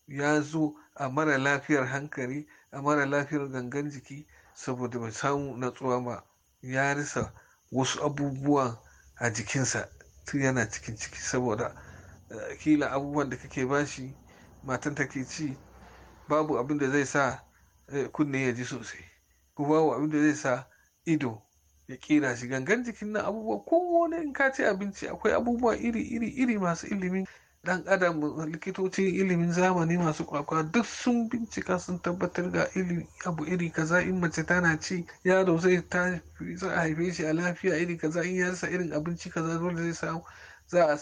ya zo a mara lafiyar hankali a mara lafiyar gangan jiki saboda bai samu natsuwa ba ya risa wasu abubuwan a jikinsa tun yana cikin ciki saboda kila abubuwan da kake bashi matan take ci babu abin da zai sa eh, kunne ya ji sosai ko babu abin da zai sa ido ya kira shi gangan jikin nan abubuwa ko wani in ka ci abinci akwai abubuwa iri iri iri masu ilimin dan adam likitocin ilimin zamani masu kwakwa duk sun bincika sun tabbatar ga abu iri kaza in mace tana ci yaro zai ta haife shi a lafiya iri kaza in ya rasa irin abinci kaza dole zai samu za a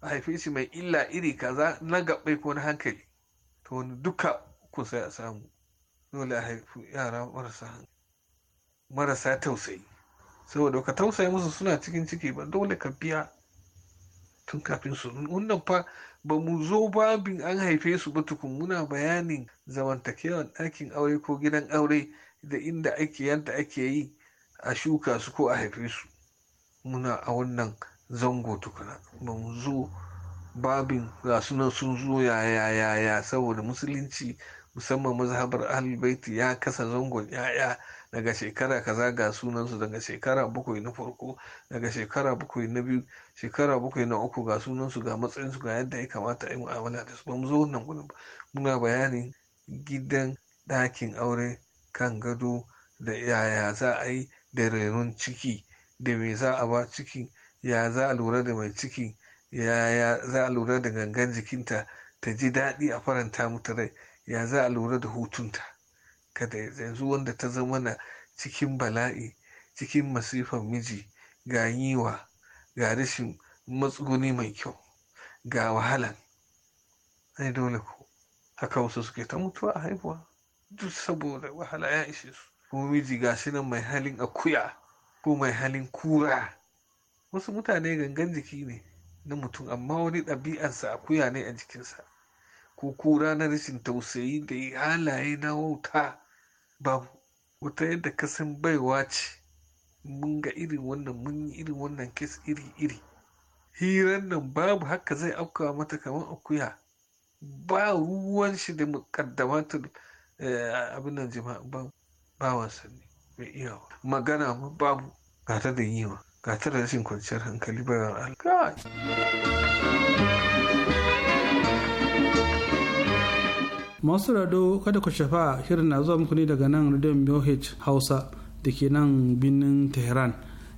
a haife shi mai illa iri kaza na gaɓai ko na hankali to wani duka ku sai a samu dole a haifi yara marasa tausayi saboda ka tausayi musu suna cikin ciki ba dole ka biya tun kafin su wannan fa ba mu zo babin an haife su ba tukun muna bayanin zamantakewan ɗakin aure ko gidan aure da inda ake yanta ake yi a shuka su ko a haife su muna a wannan zango tukuna ba mu zo babin ga sunan sun zo ya ya saboda musulunci musamman mazhabar ahlulbaiti ya kasa zangon yaya daga shekara kaza ga sunansu daga shekara bakwai na farko daga shekara bakwai na biyu shekara bakwai na uku ga sunansu ga matsayinsu ga yadda ya kamata a yi mu'amala da su ba mu zo wannan gudun muna bayanin gidan ɗakin aure kan gado da yaya za a yi da renon ciki da me za a ba cikin. ya za a lura da mai ciki ya za a lura da gangan jikinta ta ji daɗi a faranta mata rai ya za a lura da hutunta kada yanzu wanda ta zama na cikin bala'i cikin masifan miji ga yiwa ga rashin matsuguni mai kyau ga wahalan ai dole ku haka wasu suke ta mutuwa a haihuwa duk saboda wahala ya ishe su Ko miji ga shi nan mai halin akuya ko mai halin kura wasu mutane gangan jiki ne na mutum amma wani ɗabi'arsa akuya ne a jikinsa ko ko na rashin tausayi da halaye na wauta babu wata yadda kasan baiwa ce mun ga irin wannan mun yi irin wannan kes iri-iri Hirar nan babu haka zai aukawa mata kamar akuya ba ruwan shi da mukaddamatul eh, abin nan jama'a ba wasanni mai iyawa magana ma babu gata da yiwa ga ta rashin kwanciyar hankali bayan alkai masu rado kada ku shafa shirin na zuwa muku ne daga nan radion BOH Hausa da ke nan birnin Tehran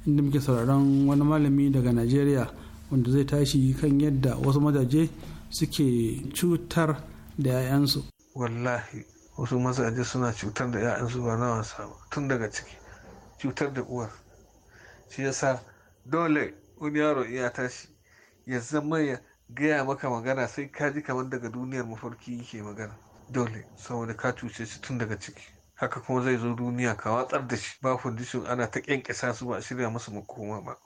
inda muke sauraron wani malami daga nigeria wanda zai tashi kan yadda wasu mazaje suke cutar da 'ya'yansu. Wallahi wasu mazaje suna cutar da 'ya'yansu ba na wasa tun daga ciki cutar da uwar shi yasa dole wani yaro iya tashi ya zama ya gaya maka magana sai ka ji kamar daga duniyar mafarki yake magana dole saboda ka cuce shi tun daga ciki haka kuma zai zo duniya ka watsar da shi ba fundishin ana ta kyankyasa su ba a shirya musu makoma ba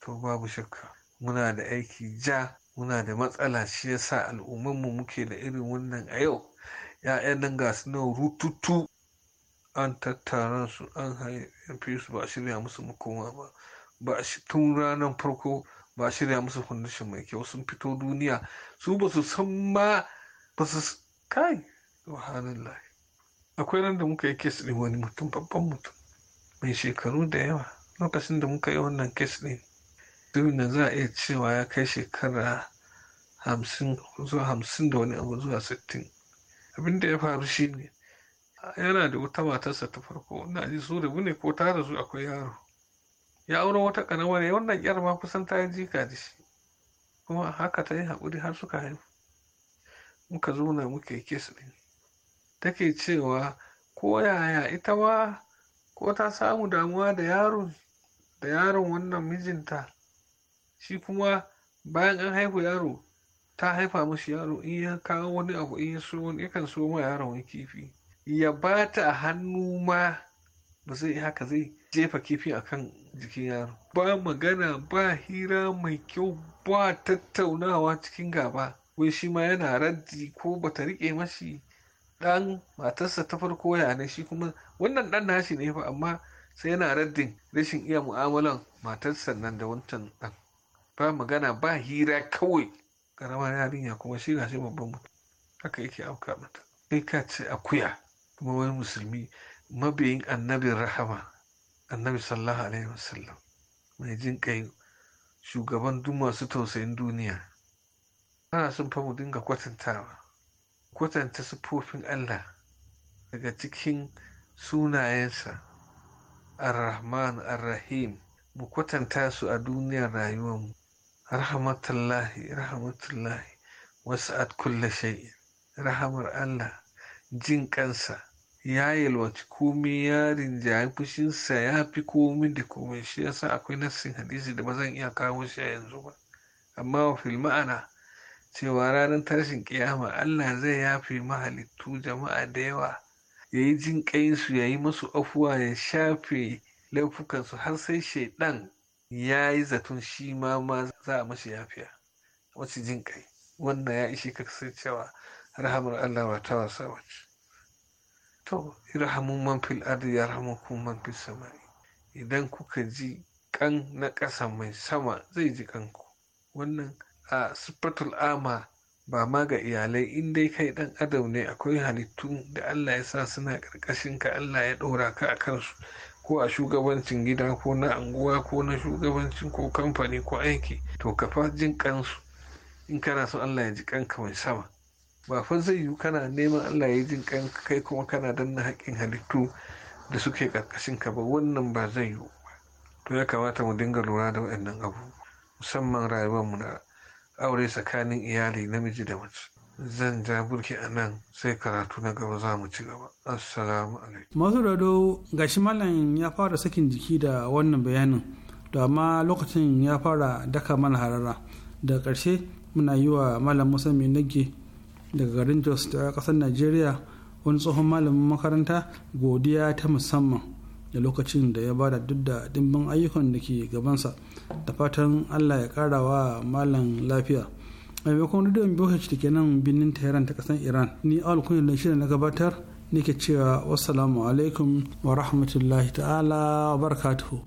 to babu shakka muna da aiki ja muna da matsala shi yasa mu muke da irin wannan a yau ya'yan nan ga su nan rututu an tattara su an haifi su ba a shirya musu makoma ba ba tun ranar farko ba shirya musu kwandishin mai kyau sun fito duniya su ba su san ma ba su kai lai akwai nan da muka yi kes ɗin wani mutum babban mutum mai shekaru da yawa lokacin da muka yi wannan kes ɗin duk da za a iya cewa ya kai shekara hamsin zuwa hamsin da wani abu zuwa sittin abin da ya faru shine yana da wata matarsa ta farko ina ji su rabu ne ko ta rasu akwai yaro ya auro wata karamar ne wannan yar ma kusan ta yi jika da shi kuma haka ta yi haƙuri har suka haihu muka zauna muke kes ɗin take cewa ko yaya ita ma ko ta samu damuwa da yaron da yaron wannan mijinta shi kuma bayan an haihu yaro ta haifa mashi yaro in ya kawo wani abu in ya so wani yakan so ma yaron wani kifi ya ba ta hannu ma ba zai haka zai jefa kifi akan jikin yaro ba magana ba hira mai kyau ba tattaunawa cikin gaba wai shi ma yana raddi ko bata rike mashi dan matarsa ta farko ya ne shi kuma wannan dan nashi ne ba amma sai yana raddin rashin iya mu'amalan matarsa nan da wancan dan ba magana ba hira kawai karamar yarinya kuma shi shi babban mutum haka yake auka mata kai ka ce akuya kuma wani musulmi mabiyin annabin rahama annabi sallallahu alaihi wasallam mai jin kai shugaban duk masu tausayin duniya ana sun fa mu dinga kwatantawa kwatanta siffofin allah daga cikin sunayensa ar-rahman ar-rahim mu kwatanta su a duniyar rayuwarmu rahmatullahi rahmatullahi wasa'at kulle shay'in rahamar allah jin kansa ya yalwaci komai ya rinjaye fushinsa ya fi komai da komai shi yasa akwai nassin hadisi da ba zan iya kawo shi a yanzu ba amma wa fil ma'ana cewa ranar tashin kiyama Allah zai yafe mahalittu jama'a da yawa ya yi jin su ya yi masu afuwa ya shafe laifukansu har sai shaidan ya yi zaton shi ma ma za a mashi yafiya wace jin ƙai wannan ya ishe "Kasancewa! cewa rahamar Allah ba ta wasa wacce to irhamu man fil ardi kum man fis sama'i idan kuka ji kan na ƙasa mai sama zai ji kanku wannan a sifatul ama ba ma ga iyalai in dai kai dan adam ne akwai halittu da Allah ya sa suna karkashin ka Allah ya ɗora ka a kansu ko a shugabancin gida ko na anguwa ko na shugabancin ko kamfani ko aiki to ka fa jin kansu in kana so Allah ya ji kanka mai sama ba fa zai yiwu kana neman Allah ya jin kan kai kuma kana danna haƙƙin halittu da suke ƙarƙashin ka ba wannan ba zai yiwu ba to ya kamata mu dinga lura da waɗannan abu musamman rayuwar mu na aure tsakanin iyali namiji da mace zan ja burki a nan sai karatu na gaba za mu ci gaba assalamu alaikum masu rado gashi malam ya fara sakin jiki da wannan bayanin to amma lokacin ya fara daka mana harara da ƙarshe muna yi wa malam musa mai nage daga garin jos ta kasar najeriya wani tsohon malamin makaranta godiya ta musamman da lokacin da ya bada duk da dimbin ayyukan da ke gabansa da fatan allah ya kara wa malam lafiya a maimakon rediyon boh da ke nan birnin tehran ta kasar iran ni alkunin da shirin na gabatar nake cewa wassalamu alaikum wa rahmatullahi ta'ala wa barakatuhu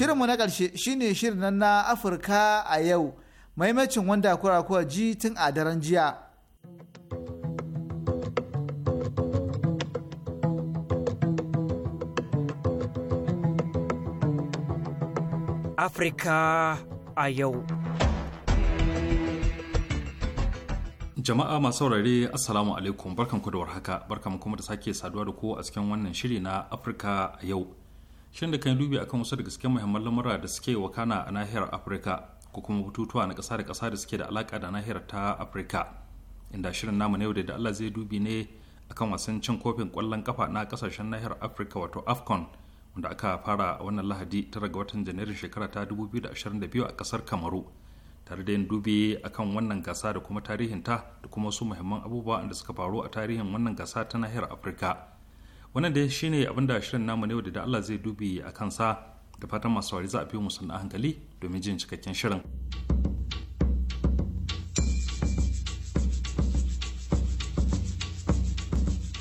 Shirinmu na ƙarshe shine shirin na Afirka a yau, maimacin wanda kura ji tun a daren jiya. Afirka a yau. Jama'a masu saurare Assalamu alaikum barkanku da haka, barkanku kuma da sake saduwa da ku a cikin wannan shiri na Afirka a yau. shin da kan dubi akan wasu da gaske muhimman lamura da suke wakana a nahiyar afirka ko kuma bututuwa na ƙasa da ƙasa da suke da alaƙa da nahiyar ta afirka inda shirin namu na yau da allah zai dubi ne akan wasan cin kofin ƙwallon kafa na ƙasashen nahiyar afirka wato afcon wanda aka fara wannan lahadi tara ga watan janairun shekara ta 2022 a ƙasar kamaru tare da yin dubi akan wannan gasa da kuma tarihinta da kuma wasu muhimman abubuwa da suka faru a tarihin wannan gasa ta nahiyar afirka wannan dai shine abin da shirin namu ne da Allah zai dubi a kansa da fatan masu wari za a biyo mu hankali domin jin cikakken shirin.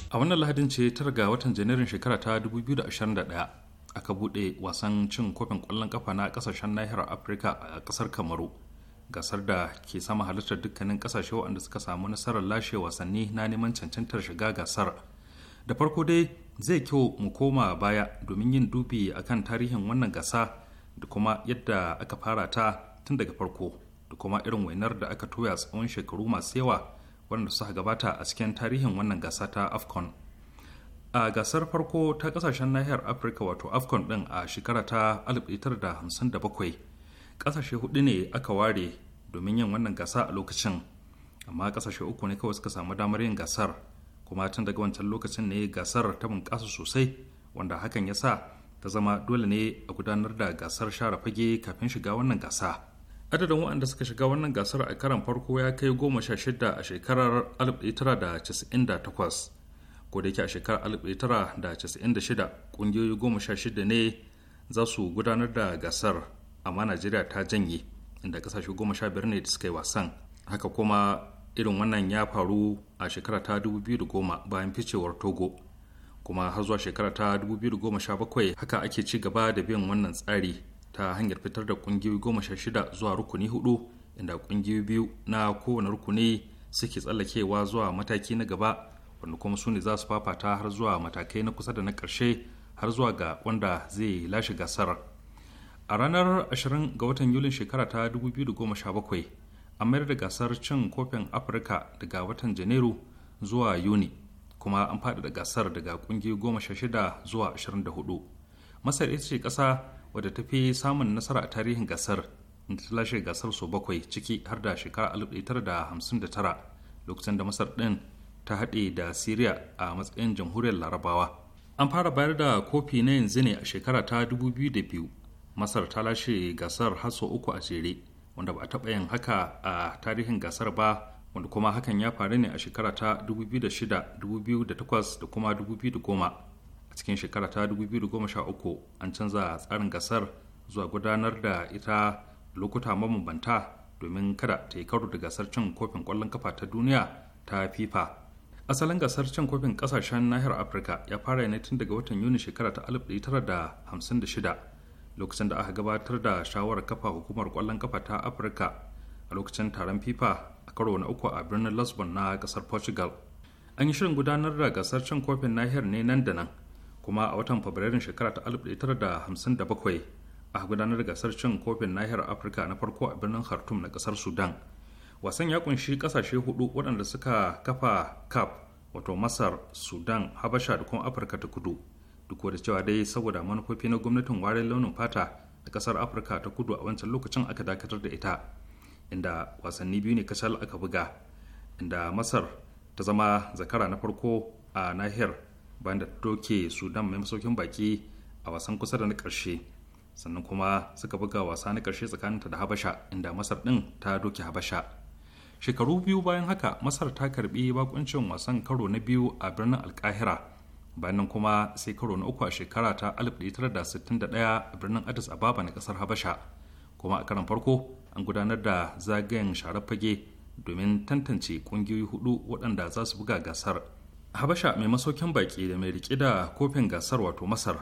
a wannan lahadin ce tara ga watan janairun shekara ta 2021 aka bude wasan cin kofin kwallon kafa na kasashen nahiyar afirka a kasar kamaru gasar da ke sama halittar dukkanin kasashe waɗanda suka samu nasarar lashe wasanni na neman cancantar shiga gasar da farko dai zai kyau mu koma baya domin yin dubi a kan tarihin wannan gasa da kuma yadda aka fara ta tun daga farko da kuma irin wainar da aka toya tsawon shekaru masu yawa wanda suka gabata a cikin tarihin wannan gasa ta afcon a gasar farko ta kasashen nahiyar afirka wato afcon din a shekara ta 1957 kasashe hudu ne aka ware domin yin wannan gasa a lokacin amma kasashe uku ne kawai suka samu damar yin gasar kuma tun daga wancan lokacin ne gasar ta bunƙasa sosai wanda hakan ya sa ta zama dole ne a gudanar da gasar share fage kafin shiga wannan gasa adadin waɗanda suka shiga wannan gasar a karan farko ya kai goma sha shida a shekarar 1998 ko da yake a shekarar 1996 ƙungiyoyi goma sha shida ne za su gudanar da gasar amma najeriya ta janye inda kasashe goma sha biyar ne da suka yi wasan haka kuma irin wannan ya faru a shekara ta 2010 bayan ficewar togo kuma har zuwa shekara ta 2017 haka ake ci gaba da bin wannan tsari ta hanyar fitar da kungiyoyi goma sha shida zuwa rukuni hudu inda kungiyoyi biyu na kowane rukuni suke tsallakewa zuwa mataki na gaba wanda kuma su ne za su fafata har zuwa matakai na kusa da na karshe har zuwa ga wanda zai lashe gasar a ranar 20 ga watan yulin shekara ta 2017 a mayar da gasar cin kofin afirka daga watan janairu zuwa yuni kuma an faɗaɗa gasar daga ƙungiyoyi goma shida zuwa ashirin da hudu masar ita ce ƙasa wadda ta fi samun nasara a tarihin gasar inda ta lashe gasar sau bakwai ciki har da shekara alif tara da hamsin da tara lokacin da masar ɗin ta haɗe da siriya a matsayin jamhuriyar larabawa an fara bayar da kofi na yanzu ne a shekara ta 2002 masar ta lashe gasar har sau uku a jere wanda ba a taɓa yin haka a tarihin gasar ba wanda kuma hakan ya faru ne a shekara ta 2006 2008 da kuma 2010 a cikin shekara ta 2013 an canza tsarin gasar zuwa gudanar da ita lokuta mabambanta domin kada ta yi karo da gasar cin kofin ƙwallon kafa ta duniya ta fifa asalin gasar cin kofin ƙasashen nahiyar afirka ya fara ne tun daga watan yuni shekara ta 1956 lokacin da aka gabatar da shawarar kafa hukumar kwallon kafa ta afirka a lokacin taron fifa a karo na uku a birnin lisbon na kasar portugal an yi shirin gudanar da gasar cin kofin nahiyar ne nan da nan kuma a watan fabrairun shekara ta 1957 aka gudanar da gasar cin kofin nahiyar afirka na farko a birnin khartoum na kasar sudan wasan ya kunshi kasashe hudu waɗanda suka kafa cap wato masar sudan habasha da kuma afirka ta kudu duk da cewa dai saboda manufofi na gwamnatin warin launin fata da kasar afirka ta kudu a wancan lokacin aka dakatar da ita inda wasanni biyu ne kashal aka buga inda masar ta zama zakara na farko a nahiyar bayan da ta doke sudan mai masaukin baki a wasan kusa da na karshe, sannan kuma suka buga wasa na karshe tsakaninta da habasha inda masar ɗin ta doke habasha shekaru biyu bayan haka masar ta karbi bakuncin wasan karo na biyu a birnin alkahira bayan kuma sai karo na uku a shekara ta 1961 a birnin addis ababa na kasar habasha kuma a karan farko an gudanar da zagayen sharar fage domin tantance kungiyoyi hudu waɗanda za su buga gasar habasha mai masaukin baki da mai rike da kofin gasar wato masar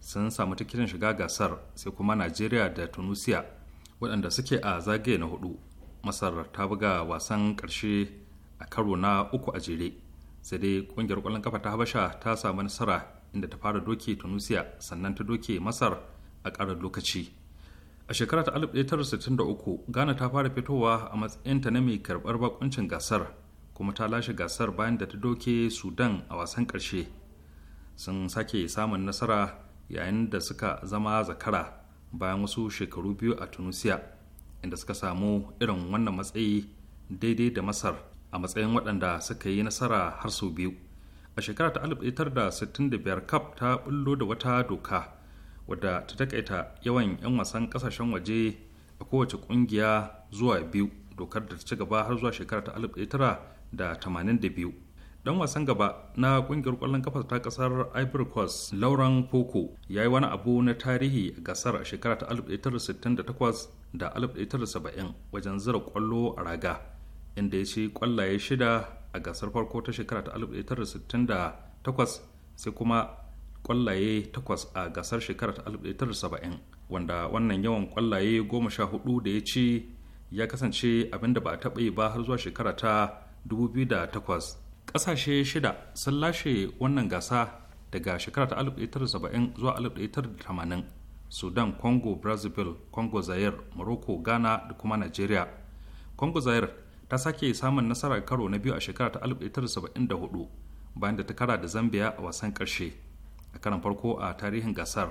sun samu tikitin shiga gasar sai kuma najeriya da tunisia waɗanda suke a zagaye na hudu masar ta buga wasan karshe a karo na uku a jere sai dai kungiyar kwallon kafa ta habasha ta samu nasara inda ta fara doke tunisia sannan ta doke masar a karar lokaci a shekara ta 1963 ghana ta fara fitowa a matsayinta na mai karɓar bakuncin gasar kuma ta lashe gasar bayan da ta doke sudan a wasan ƙarshe sun sake samun nasara yayin da suka zama zakara bayan wasu shekaru biyu a tunisia inda suka samu irin wannan matsayi daidai da masar a matsayin waɗanda suka yi nasara har sau biyu a shekara ta 1965 cap ta bullo da wata doka wadda ta takaita yawan 'yan wasan ƙasashen waje a kowace ƙungiya zuwa biyu dokar da ta ci gaba har zuwa shekara ta 1982 dan wasan gaba na ƙungiyar kwallon kafa ta ƙasar ivory coast lauren poco ya yi wani abu na tarihi a gasar a shekara ta 1968 da 1970 wajen zira ƙwallo a raga inda ya ci kwallaye shida a gasar farko ta shekara ta 1968 sai kuma kwallaye takwas a gasar shekara ta 1970 wanda wannan yawan kwallaye goma sha hudu da ya ci ya kasance abin da ba a taɓa yi ba har zuwa shekara ta 2008 ƙasashe shida sun lashe wannan gasa daga shekara ta 1970 zuwa 1980 sudan congo brazil congo zaire morocco ghana da kuma nigeria congo zaire ta sake samun nasara karo na biyu a shekara ta 1974 bayan da ta kara da zambia a wasan karshe a karan farko a tarihin gasar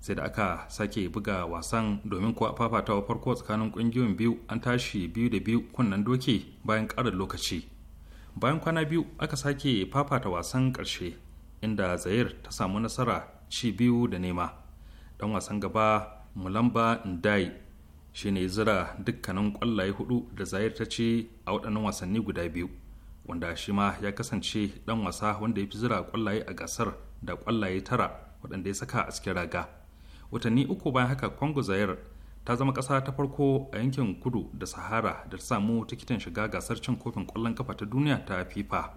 sai da aka sake buga wasan domin kuwa fafatawa farko tsakanin kungiyoyin biyu an tashi biyu da biyu kunnen doki bayan karin lokaci bayan kwana biyu aka sake fafata wasan karshe inda zayir ta samu nasara ci biyu da nema dan wasan gaba mulamba ndai shine zira dukkanin kwallaye hudu da zayar ta ce a waɗannan wasanni guda biyu wanda shi ma ya kasance dan wasa wanda ya fi zira kwallaye a gasar da kwallaye tara waɗanda ya saka a cikin raga watanni uku bayan haka congo zayar ta zama ƙasa ta farko a yankin kudu da sahara da ta samu tikitin shiga gasar cin kofin kwallon kafa ta duniya ta fifa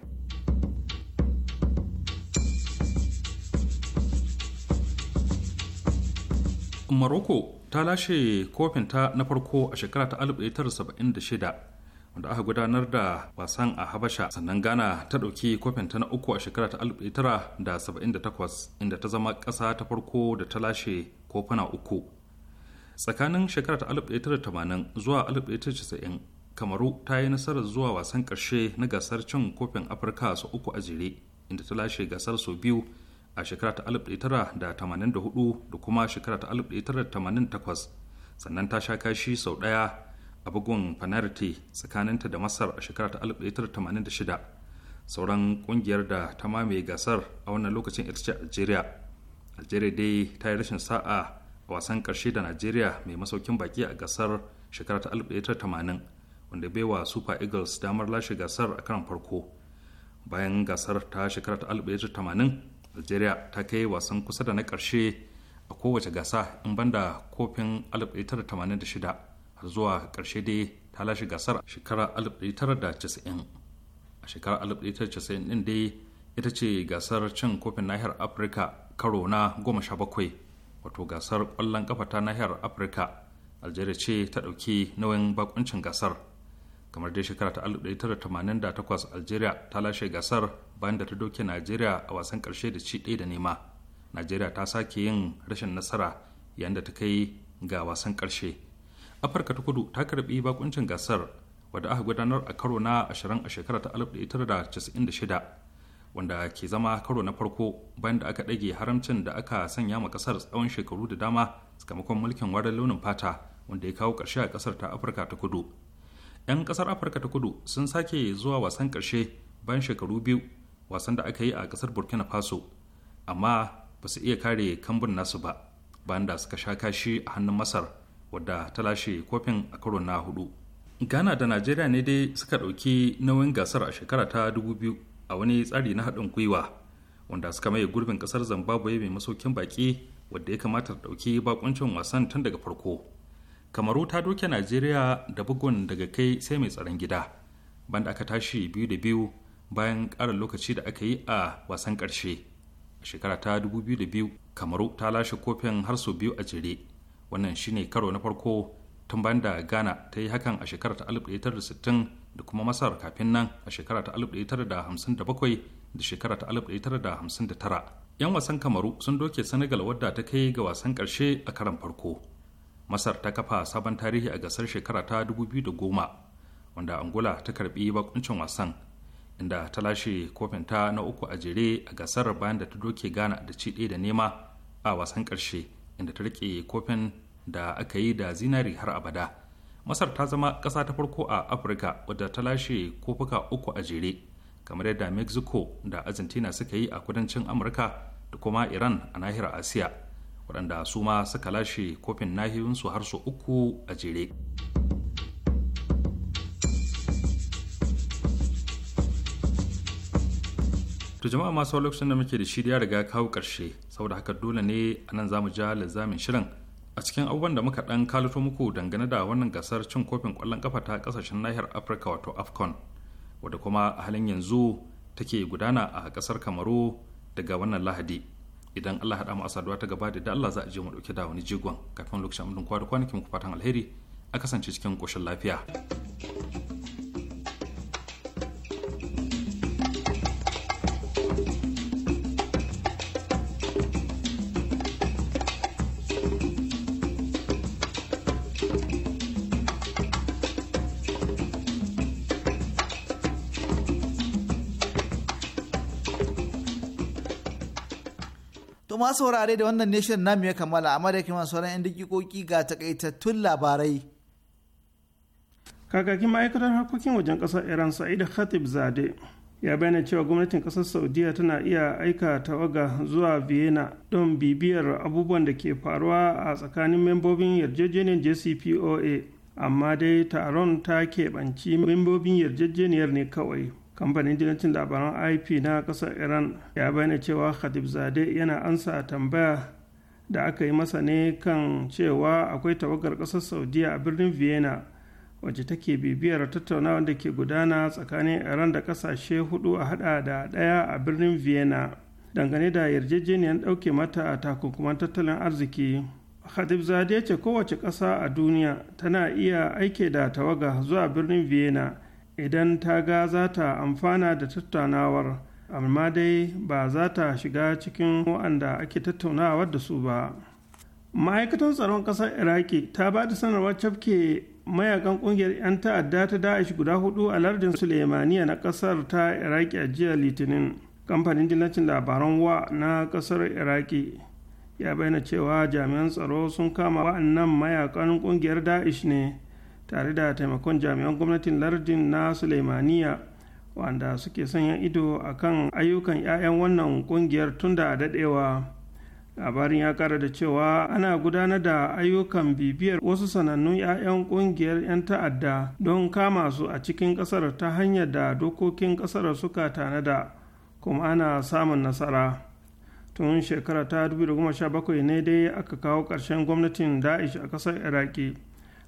Morocco ta lashe kofinta na farko a shekara ta 1976 wanda aka gudanar da wasan a habasha sannan ghana ta ɗauki kofinta na uku a shekara ta 1978 inda ta zama ƙasa ta farko da ta lashe kofuna uku tsakanin shekara ta 1980 zuwa 1990 kamaru ta yi nasarar zuwa wasan ƙarshe na gasar cin kofin afirka su uku a jere inda ta lashe gasar su biyu a shekara ta 1984 da kuma shekara ta 1988 sannan ta sha kashi sau ɗaya a bugun fanarti tsakaninta da masar a shekara ta 1986 sauran kungiyar da ta mamaye gasar a wannan lokacin ita ce algeria algeria dai ta yi rashin sa'a a wasan karshe da nigeria mai masaukin baki a gasar shekara ta 1980 wanda baiwa super eagles damar lashe gasar a karan farko bayan gasar ta shekara ta 1980 algeria ta kai wasan kusa da na ƙarshe a kowace gasa in banda kofin 1986 har zuwa ƙarshe dai ta lashe gasar shekara 1990 a shekarar 1990 din dai ita ce gasar cin kofin nahiyar afirka karo na 17 wato gasar ƙwallon kafa ta nahiyar afirka algeria ce ta ɗauki nauyin bakuncin gasar kamar dai shekara ta 1988 algeria ta lashe gasar bayan da ta doke najeriya a wasan karshe da ci ɗaya da nema najeriya ta sake yin rashin nasara yayin da ta kai ga wasan karshe afirka ta kudu ta karbi bakuncin gasar wadda aka gudanar a karo na 20 a shekara ta 1996 wanda ke zama karo na farko bayan da aka ɗage haramcin da aka sanya ma kasar tsawon shekaru da dama sakamakon mulkin warin launin fata wanda ya kawo ƙarshe a kasar ta afirka ta kudu 'yan kasar afirka ta kudu sun sake zuwa wasan karshe bayan shekaru biyu wasan da aka yi a kasar burkina faso amma ba su iya kare kambun nasu ba bayan da suka sha kashi a hannun masar wadda ta lashe kofin a karo na hudu ghana da najeriya ne dai suka ɗauki nauyin gasar a shekara ta 2000 a wani tsari na haɗin gwiwa wanda suka maye gurbin kasar zambabwe mai masaukin baki wadda ya kamata ta ɗauki bakuncin wasan tun daga farko kamaru ta doke najeriya da bugun daga kai sai mai tsaron gida banda aka tashi biyu da biyu bayan ƙarin lokaci da aka yi a wasan ƙarshe a shekara ta 2002 kamaru ta lashe kofin har sau biyu a jere wannan shine karo na farko tun bayan da ghana ta yi hakan a shekara ta 1960 da kuma masar kafin nan a shekara ta 1957 da shekara ta 1959 'yan wasan kamaru sun doke senegal wadda ta kai ga wasan ƙarshe a karon farko masar ta kafa sabon tarihi a gasar shekara ta 2010 wanda angola ta karbi bakuncin wasan inda ta lashe kofin ta na uku a jere a gasar bayan da ta doke gana da ci da nema a wasan karshe inda ta rike kofin da aka yi da zinari har abada masar ta zama ƙasa ta farko a afirka wadda ta lashe kofuka uku a jere kamar yadda mexico da argentina suka yi a kudancin amurka da kuma iran a nahiyar asiya waɗanda su ma suka lashe kofin nahiyunsu har su uku a jere to jama'a masu lokacin da muke da shi ya riga kawo ƙarshe saboda haka dole ne a nan za mu ja lizamin shirin a cikin abubuwan da muka ɗan kalato muku dangane da wannan gasar cin kofin ƙwallon ƙafa ta ƙasashen nahiyar afirka wato afcon wadda kuma a halin yanzu take gudana a ƙasar kamaru daga wannan lahadi idan Allah hada mu asaduwa ta gaba da Allah za a je mu dauke da wani jigon kafin lokacin amdin kwa da kwanakin ku fatan alheri a kasance cikin koshin lafiya. ma saurare da wannan ne shirin namu ya kammala amma da kima sauran 'yan dikikoki ga takaitattun labarai. Kakakin ma'aikatar harkokin wajen ƙasar Iran Sa'id Khatib Zade ya bayyana cewa gwamnatin ƙasar Saudiya tana iya aika tawaga zuwa Vienna don bibiyar abubuwan da ke faruwa a tsakanin membobin yarjejeniyar JCPOA amma dai taron ta keɓanci membobin yarjejeniyar ne kawai. kamfanin dilancin labaran ip na ƙasar iran ya bayyana cewa khatib zade yana ansa tambaya da aka yi masa ne kan cewa akwai tawagar ƙasar saudiya a birnin vienna wacce take bibiyar tattaunawar da ke gudana tsakanin iran da ƙasashe hudu a hada da ɗaya a birnin vienna dangane da yarjejeniyar dauke mata a takunkuman tattalin arziki khatib zade ce kowace ƙasa a duniya tana iya aike da tawaga zuwa birnin vienna idan ta ga za ta amfana da tattaunawar amma dai ba za ta shiga cikin waɗanda ake tattaunawar da su ba ma'aikatan tsaron ƙasar iraki ta ba da sanarwar cafke mayakan ƙungiyar 'yan ta'adda ta da'ish guda hudu a lardin sulemaniya na ƙasar ta iraki a jiya litinin kamfanin dillacin labaran wa na ƙasar iraki ya bayyana cewa jami'an tsaro sun kama wa'annan mayakan ƙungiyar da'ish ne tare da taimakon jami'an gwamnatin lardin na sulaimaniya wanda suke sanya ido a kan ayyukan 'ya'yan wannan kungiyar tun da daɗewa labarin ya kara da cewa ana gudanar da ayyukan bibiyar wasu sanannun 'ya'yan kungiyar 'yan ta'adda don kama su a cikin ƙasar ta hanyar da dokokin ƙasar suka tanada kuma ana samun nasara tun shekara ta 2017 ne dai aka kawo ƙarshen gwamnatin da'ish a ƙasar iraki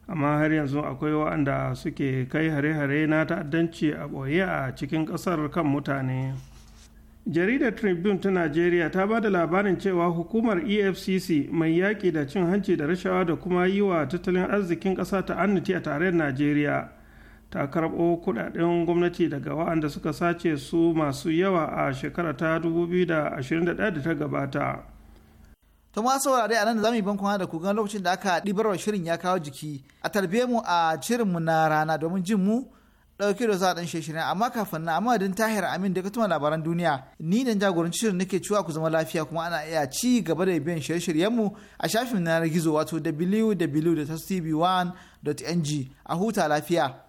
amma har yanzu akwai waɗanda suke kai hare-hare na ta'addanci a ɓoye a cikin ƙasar kan mutane jaridar tribune ta najeriya ta ba da labarin cewa hukumar efcc mai yaƙi da cin hanci da rashawa da kuma yi wa tattalin arzikin ƙasa ta annati a tarayyar najeriya ta karɓo kuɗaɗen gwamnati daga waɗanda suka sace su masu yawa a shekara ta 2021 da ta gabata To ma saurare anan nan da zamu yi bankon da ku gan lokacin da aka wa shirin ya kawo jiki a tarbe mu a shirin mu na rana domin jin mu dauke da za a ɗan shirin amma kafin na amma din tahir amin da katuma labaran duniya ni dan jagoranci shirin nake cewa ku zama lafiya kuma ana iya ci gaba da biyan shirye-shiryen mu a shafin na gizo wato www.tv1.ng a huta lafiya.